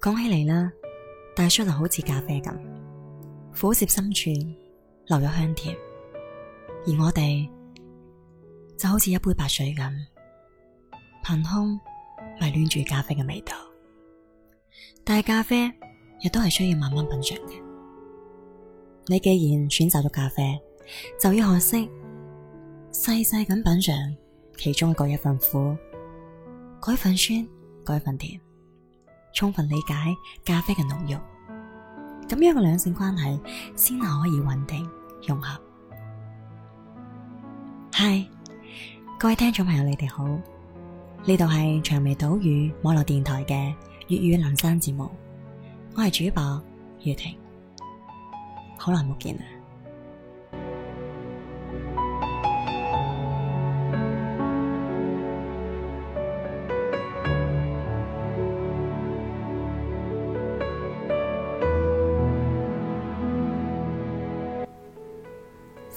講起嚟啦，大叔就好似咖啡咁，苦澀深處，留咗香甜；而我哋就好似一杯白水咁，憑空迷戀住咖啡嘅味道。但係咖啡亦都係需要慢慢品嘗嘅。你既然選擇咗咖啡，就要學識細細咁品嘗其中嘅一份苦、嗰一份酸、嗰一份甜。充分理解咖啡嘅濃郁，咁樣嘅兩性關係先可以穩定融合。嗨，各位聽眾朋友，你哋好，呢度係長眉島嶼網絡電台嘅粵語林山節目，我係主播月婷，好耐冇見啦。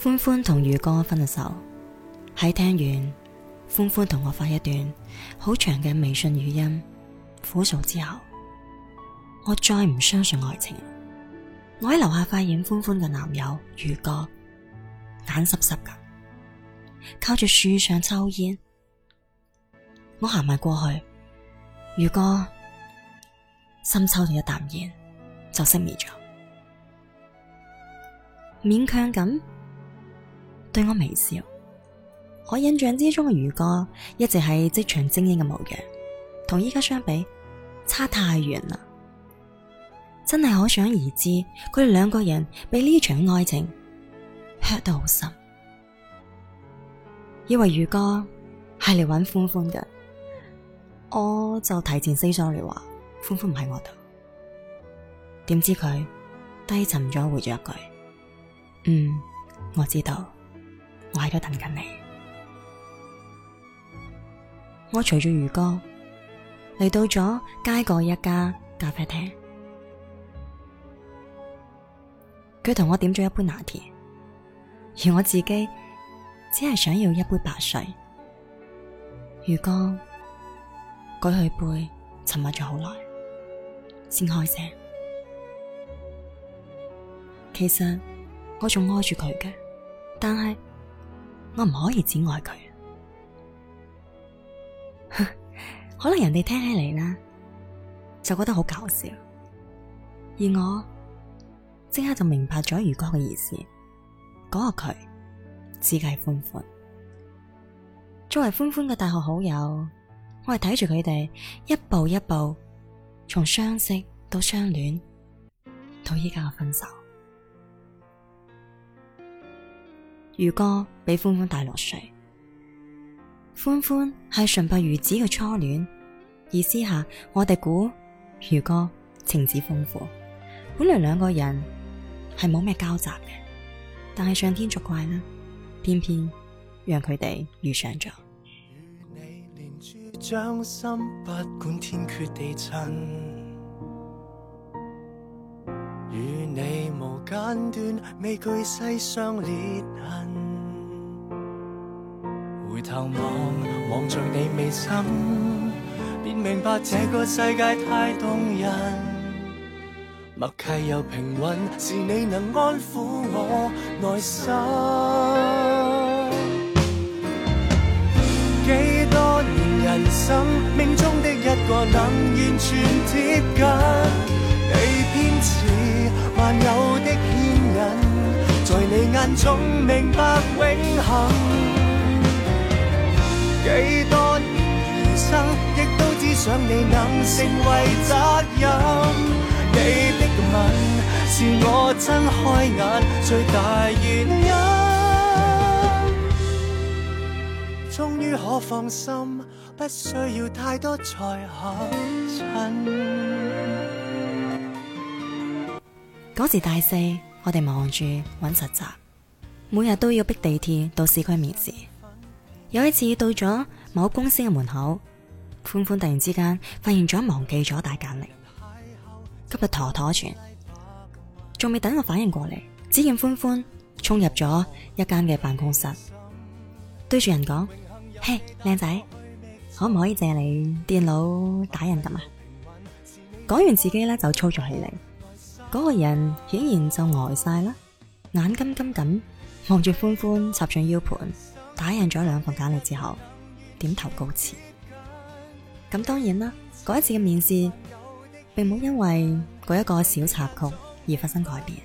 歡歡同宇哥分咗手，喺聽完歡歡同我發一段好長嘅微信語音，苦訴之後，我再唔相信愛情。我喺樓下發現歡歡嘅男友宇哥眼濕濕噶，靠住樹上抽煙。我行埋過去，宇哥深抽咗一啖煙就熄滅咗，勉強咁。對我微笑，我印象之中嘅余哥一直係職場精英嘅模樣，同依家相比差太遠啦，真係可想而知佢哋兩個人被呢場愛情 hurt 得好深，以為余哥係嚟揾歡歡嘅，我就提前 say sorry 話歡歡唔喺我度，點知佢低沉咗回咗一句，嗯，我知道。我喺度等緊你，我隨住余哥嚟到咗街個一家咖啡廳，佢同我點咗一杯拿鐵，而我自己只係想要一杯白水。余哥舉起杯，沉默咗好耐，先開聲。其實我仲愛住佢嘅，但係。我唔可以只愛佢， 可能人哋聽起嚟，呢就覺得好搞笑，而我即刻就明白咗如哥嘅意思。嗰、那個佢只係歡歡，作為歡歡嘅大學好友，我係睇住佢哋一步一步從相識到相戀到依家嘅分手。如哥。李歡歡大落水，歡歡係純白如紙嘅初戀，而私下我哋估，如果情字豐富，本來兩個人係冇咩交集嘅，但係上天作怪啦，偏偏讓佢哋遇上咗。與你連珠掌心，不管天缺地與你無間斷，未世上裂痕回頭望，望着你眉心，便明白這個世界太動人。默契又平穩，是你能安撫我內心。 幾多年人生，命中的一個能完全貼近。你偏似萬有的牽引，在你眼中明白永恆。幾多年餘生，亦都只想你能成為責任。你的吻是我睜開眼最大原因。終於可放心，不需要太多才可親。嗰 時大四，我哋忙住揾實習，每日都要逼地鐵到市區面試。有一次到咗某公司嘅門口，歡歡突然之間發現咗忘記咗帶簡歷，今日妥妥全，仲未等我反應過嚟，只見歡歡衝入咗一間嘅辦公室，對住人講：嘿，靚仔，可唔可以借你電腦打印咁啊？講完自己咧就操作起嚟，嗰個人顯然就呆晒啦，眼金金咁望住歡歡插上 U 盤。打印咗兩份簡歷之後，點頭告辭。咁當然啦，嗰一次嘅面試，並冇因為嗰一個小插曲而發生改變。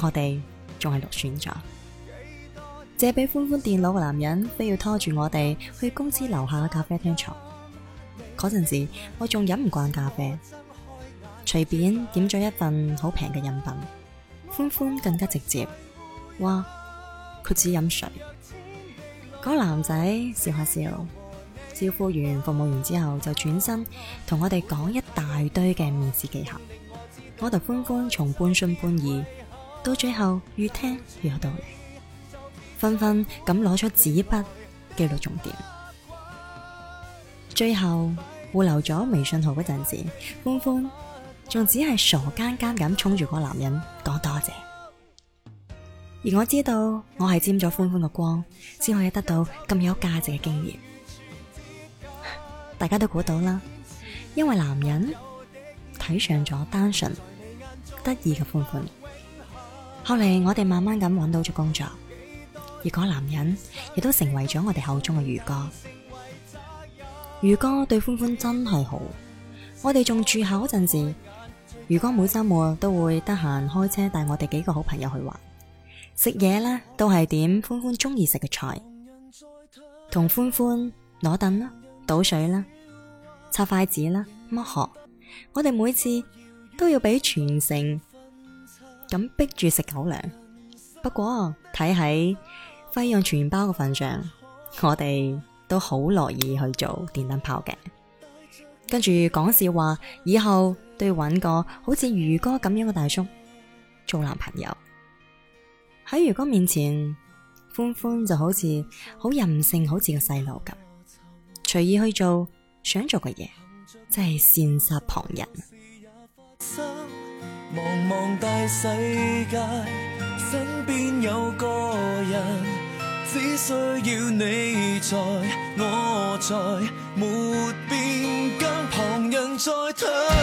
我哋仲係落選咗。借俾歡歡電腦嘅男人，非要拖住我哋去公司樓下嘅咖啡廳坐。嗰陣時，我仲飲唔慣咖啡，隨便點咗一份好平嘅飲品。歡歡更加直接，哇，佢只飲水。個男仔笑下笑，招呼完服務完之後就轉身同我哋講一大堆嘅面試技巧，我同歡歡從半信半疑到最後越聽越有道理，紛紛咁攞出紙筆記錄重點，最後互留咗微信號嗰陣時，歡歡仲只係傻更更咁衝住個男人講多謝。而我知道，我係沾咗歡歡嘅光，先可以得到咁有價值嘅經驗。大家都估到啦，因為男人睇上咗單純得意嘅歡歡。後嚟，我哋慢慢咁揾到咗工作，而嗰個男人亦都成為咗我哋口中嘅漁哥。漁哥對歡歡真係好。我哋仲住校嗰陣時，漁哥每周末都會得閒開車帶我哋幾個好朋友去玩。食嘢咧，都係點歡歡中意食嘅菜，同歡歡攞凳啦，倒水啦，拆筷子啦，剝殼。我哋每次都要俾全城咁逼住食狗糧。不過睇喺費用全包嘅份上，我哋都好樂意去做電燈泡嘅。跟住講笑話，以後都要搵個好似魚哥咁樣嘅大叔做男朋友。喺余光面前，歡歡就好似好任性，好似個細路咁，隨意去做想做嘅嘢，真係羨煞旁人。茫茫大世界，身邊有個人，人只需要你在我在沒變，旁人在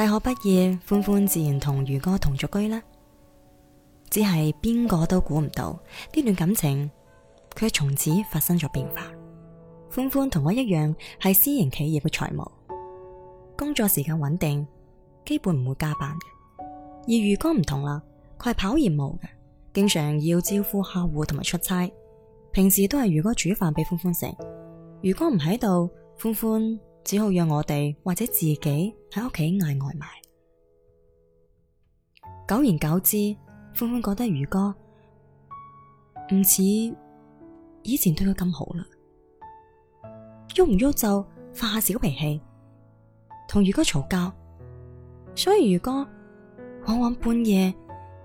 大學畢業，歡歡自然同余哥同住居啦。只係邊個都估唔到，呢段感情佢係從此發生咗變化。歡歡同我一樣係私營企業嘅財務，工作時間穩定，基本唔會加班嘅。而余哥唔同啦，佢係跑業務嘅，經常要招呼客戶同埋出差。平時都係余哥煮飯俾歡歡食，余哥唔喺度，歡歡。只好讓我哋或者自己喺屋企嗌外賣。久而久之，歡歡覺得如哥唔似以前對佢咁好啦，喐唔喐就發下小脾氣，同如哥嘈交。所以如哥往往半夜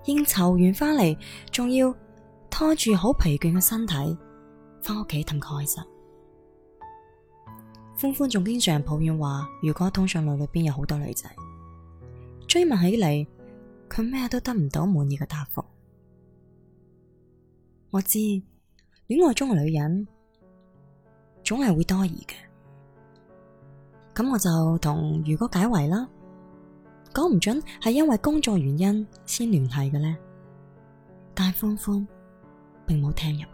應酬完翻嚟，仲要拖住好疲倦嘅身體翻屋企氹佢開心。歡歡仲經常抱怨話，如果通訊錄裏邊有好多女仔，追問起嚟，佢咩都得唔到滿意嘅答覆。我知戀愛中嘅女人總係會多疑嘅，咁我就同如果解圍啦，講唔準係因為工作原因先聯繫嘅呢。但係歡歡並冇聽入去，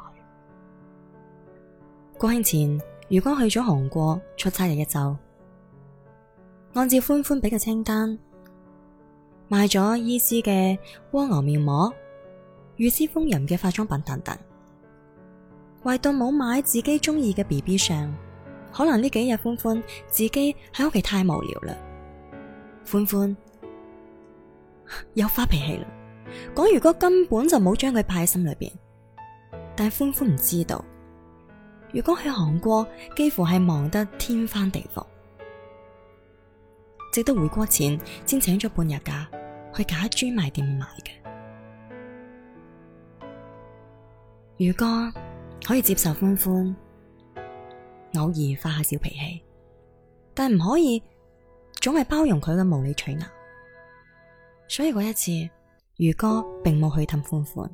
國慶前。如果去咗韓國出差嘅一周，按照歡歡俾嘅清單，買咗伊詩嘅蝸牛面膜、悅詩風吟嘅化妝品等等，為到冇買自己中意嘅 BB 霜，可能呢幾日歡歡自己喺屋企太無聊啦，歡歡又發脾氣啦，講如果根本就冇將佢擺喺心裏邊，但係歡歡唔知道。如哥去韓國，幾乎係忙得天翻地覆，直到回國前先請咗半日假，去假專賣店買嘅。如哥可以接受歡歡，偶爾發下小脾氣，但唔可以總係包容佢嘅無理取鬧，所以嗰一次，如哥並冇去氹歡歡，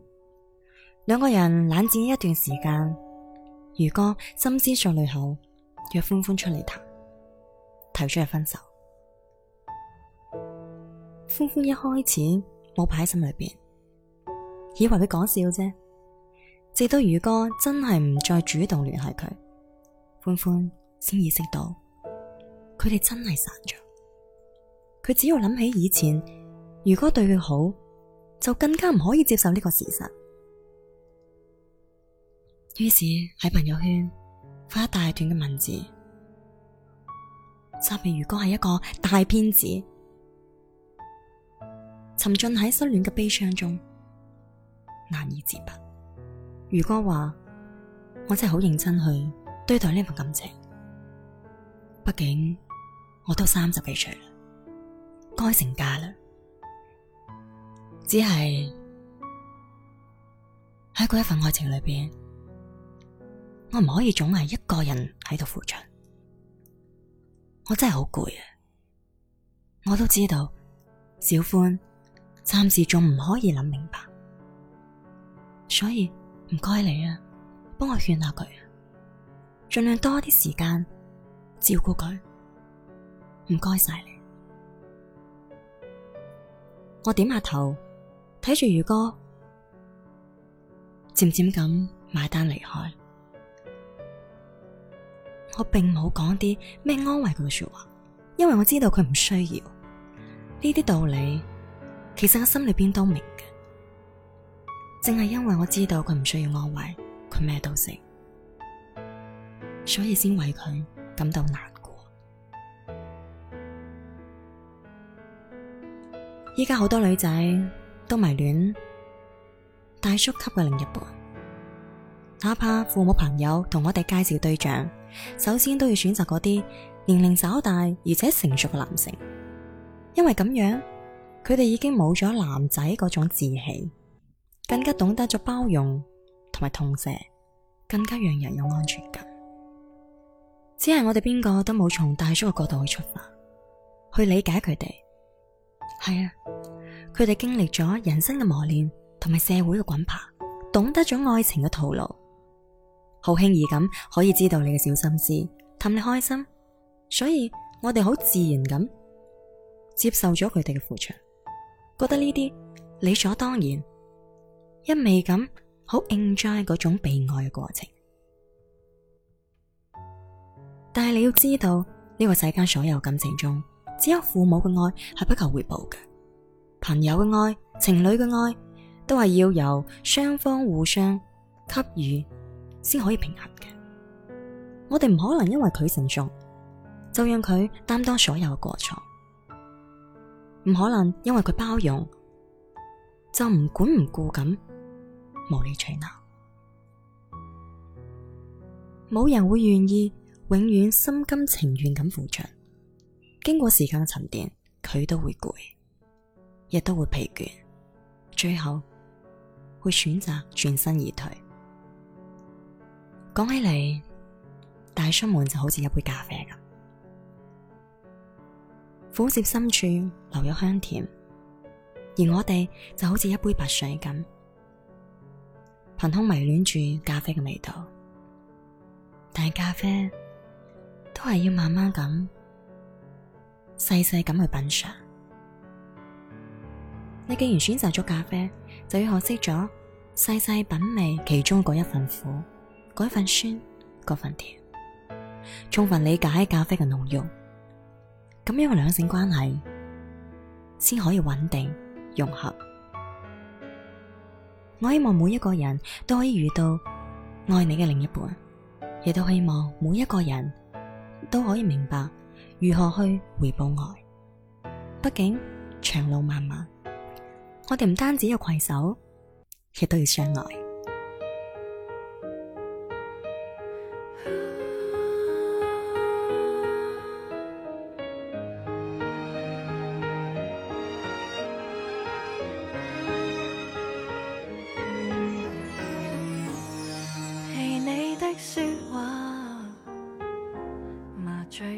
兩個人冷戰一段時間。如哥深思熟慮後，約歡歡出嚟談，提出去分手。歡歡一開始冇擺喺心裏邊，以為佢講笑啫。直到如哥真係唔再主動聯繫佢，歡歡先意識到佢哋真係散咗。佢只要諗起以前，如哥對佢好，就更加唔可以接受呢個事實。於是喺朋友圈發一大段嘅文字，責備如歌係一個大騙子，沉浸喺失戀嘅悲傷中，難以自拔。如歌話：我真係好認真去對待呢份感情，畢竟我都三十幾歲啦，該成家啦，只係喺嗰一份愛情裏邊。我唔可以總係一個人喺度付出，我真係好攰啊！我都知道，小歡暫時仲唔可以諗明白，所以唔該你啊，幫我勸下佢，盡量多啲時間照顧佢。唔該晒你。我點下頭，睇住如哥，漸漸咁埋單離開。我並冇講啲咩安慰佢嘅說話，因為我知道佢唔需要呢啲道理。其實我心裏邊都明嘅，淨係因為我知道佢唔需要安慰，佢咩都食，所以先為佢感到難過。依家好多女仔都迷戀大叔級嘅另一半，哪怕父母朋友同我哋介紹對象，首先都要選擇嗰啲年齡稍大而且成熟嘅男性，因為咁樣佢哋已經冇咗男仔嗰種志氣，更加懂得咗包容同埋痛惜，更加讓人有安全感。只係我哋邊個都冇從大叔嘅角度去出發，去理解佢哋。係啊，佢哋經歷咗人生嘅磨練同埋社會嘅滾爬，懂得咗愛情嘅套路。好輕易咁可以知道你嘅小心思，氹你開心，所以我哋好自然咁接受咗佢哋嘅付出。覺得呢啲理所當然，一味咁好 enjoy 嗰種被愛嘅過程。但係你要知道呢個世間所有感情中，只有父母嘅愛係不求回報嘅，朋友嘅愛、情侶嘅愛都係要由雙方互相給予。先可以平衡嘅，我哋唔可能因為佢成熟，就讓佢擔當所有過錯；唔可能因為佢包容，就唔管唔顧咁無理取鬧。冇人會願意永遠心甘情願咁付出，經過時間嘅沉澱，佢都會攰，亦都會疲倦，最後會選擇轉身而退。講起嚟，大叔們就好似一杯咖啡咁，苦澀深處留有香甜，而我哋就好似一杯白水咁，憑空迷戀住咖啡嘅味道。但係咖啡都係要慢慢咁細細咁去品嘗。你既然選擇咗咖啡，就要學識咗細細品味其中嗰一份苦。嗰份酸，嗰份甜，充分理解咖啡嘅濃郁，咁樣嘅兩性關係先可以穩定融合。我希望每一個人都可以遇到愛你嘅另一半，亦都希望每一個人都可以明白如何去回報愛。畢竟長路漫漫，我哋唔單止要攜手，亦都要相愛。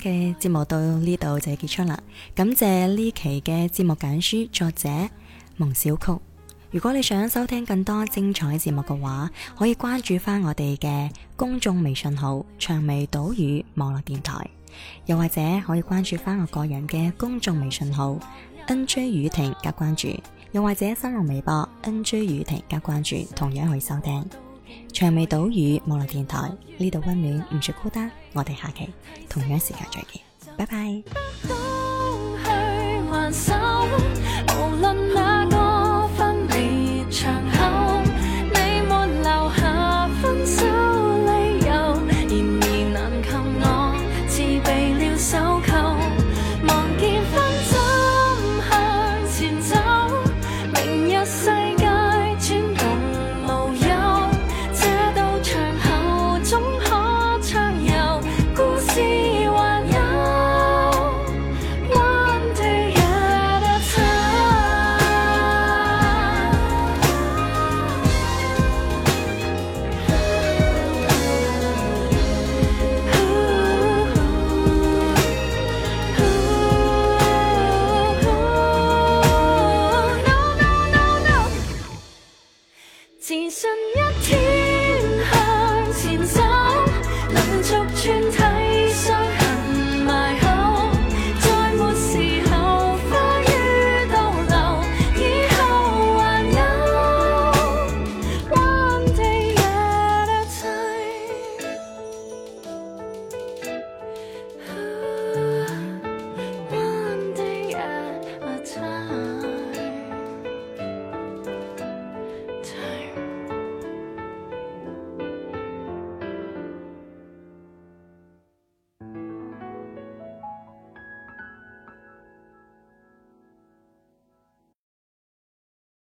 嘅節目到呢度就結束啦，感謝呢期嘅節目簡書作者蒙小曲。如果你想收聽更多精彩節目嘅話，可以關注翻我哋嘅公眾微信號“長尾島嶼網絡電台”，又或者可以關注翻我個人嘅公眾微信號 “nj 雨婷”加關注，又或者新浪微博 “nj 雨婷”加關注，同樣可以收聽。薔薇島嶼網絡電台，呢度溫暖，唔算孤單，我哋下期同樣時間再見，拜拜。